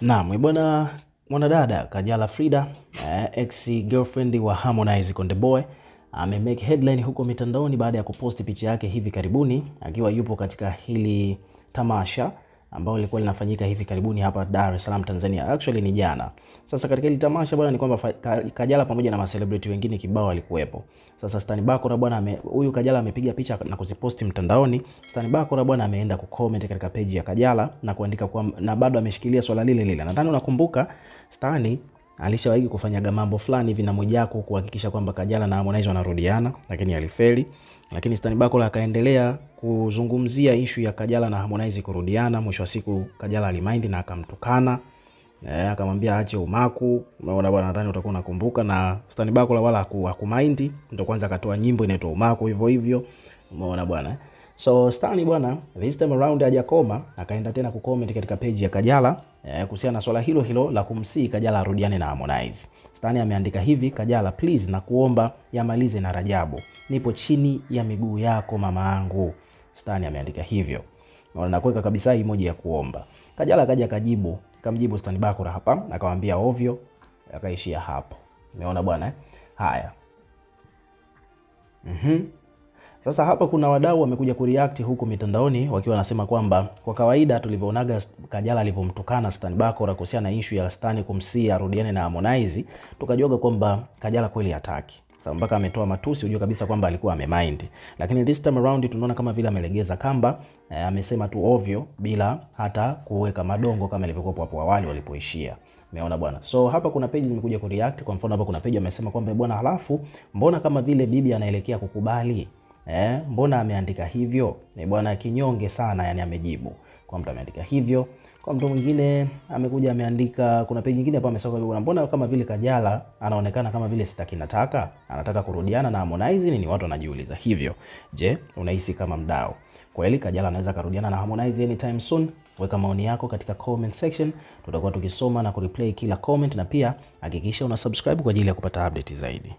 Naam, bwana mwanadada Kajala Frida eh, ex girlfriend wa Harmonize Konde Boy amemake headline huko mitandaoni baada ya kuposti picha yake hivi karibuni akiwa yupo katika hili tamasha ambao lilikuwa linafanyika hivi karibuni hapa Dar es Salaam Tanzania. Actually ni jana. Sasa katika ile tamasha bwana, ni kwamba Kajala pamoja na maselebrity wengine kibao walikuwepo. Sasa Stan Bakora bwana, huyu Kajala amepiga picha na kuziposti mtandaoni. Stan Bakora bwana ameenda kucomment katika page ya Kajala na kuandika kwa, na bado ameshikilia swala lile lile. Nadhani unakumbuka Stani alishawahi kufanyaga mambo fulani hivi na Mwijaku kuhakikisha kwamba Kajala na Harmonize wanarudiana, lakini alifeli. Lakini Stan Bakola akaendelea kuzungumzia ishu ya Kajala na Harmonize kurudiana. Mwisho wa siku Kajala alimind na akamtukana e, akamwambia aache umaku. Umeona bwana, nadhani utakuwa unakumbuka. Na Stan Bakola wala hakumind, ndio kwanza akatoa nyimbo inaitwa Umaku hivyo hivyo. Umeona bwana. So Stani bwana, this time around hajakoma, akaenda tena kucomment katika page ya Kajala eh, kuhusiana na swala hilo hilo la kumsii Kajala arudiane na Harmonize. Stani ameandika hivi, Kajala please, nakuomba yamalize na Rajabu, nipo chini ya miguu yako mama yangu. Stani ameandika hivyo na nakuweka kabisa emoji ya kuomba. Kajala kaja kajibu, kamjibu Stani Bakura hapa, akamwambia ovyo, akaishia hapo. Umeona bwana eh? Haya. Mhm. Mm sasa hapa kuna wadau wamekuja kureact huku mitandaoni wakiwa wanasema kwamba kwa kawaida tulivyoonaga Kajala alivyomtukana Stan Bakora kuhusiana na issue ya Stan kumsi arudiane na Harmonize, tukajuaga kwamba Kajala kweli hataki. Sasa mpaka ametoa matusi, unajua kabisa kwamba alikuwa amemind, lakini this time around tunaona kama vile amelegeza kamba eh, amesema tu ovyo bila hata kuweka madongo kama ilivyokuwa hapo awali walipoishia. Umeona bwana. So hapa kuna page zimekuja kureact. Kwa mfano hapa kuna page amesema kwamba bwana, halafu mbona kama vile bibi anaelekea kukubali eh, mbona ameandika hivyo? Ni eh, bwana, kinyonge sana yani amejibu. Kwa mtu ameandika hivyo, kwa mtu mwingine amekuja ameandika, kuna peji nyingine hapa amesoka hivyo, mbona kama vile Kajala anaonekana kama vile sitaki nataka, anataka kurudiana na Harmonize nini? Watu wanajiuliza hivyo. Je, unahisi kama mdau kweli Kajala anaweza karudiana na Harmonize anytime soon? Weka maoni yako katika comment section, tutakuwa tukisoma na kureplay kila comment, na pia hakikisha una subscribe kwa ajili ya kupata update zaidi.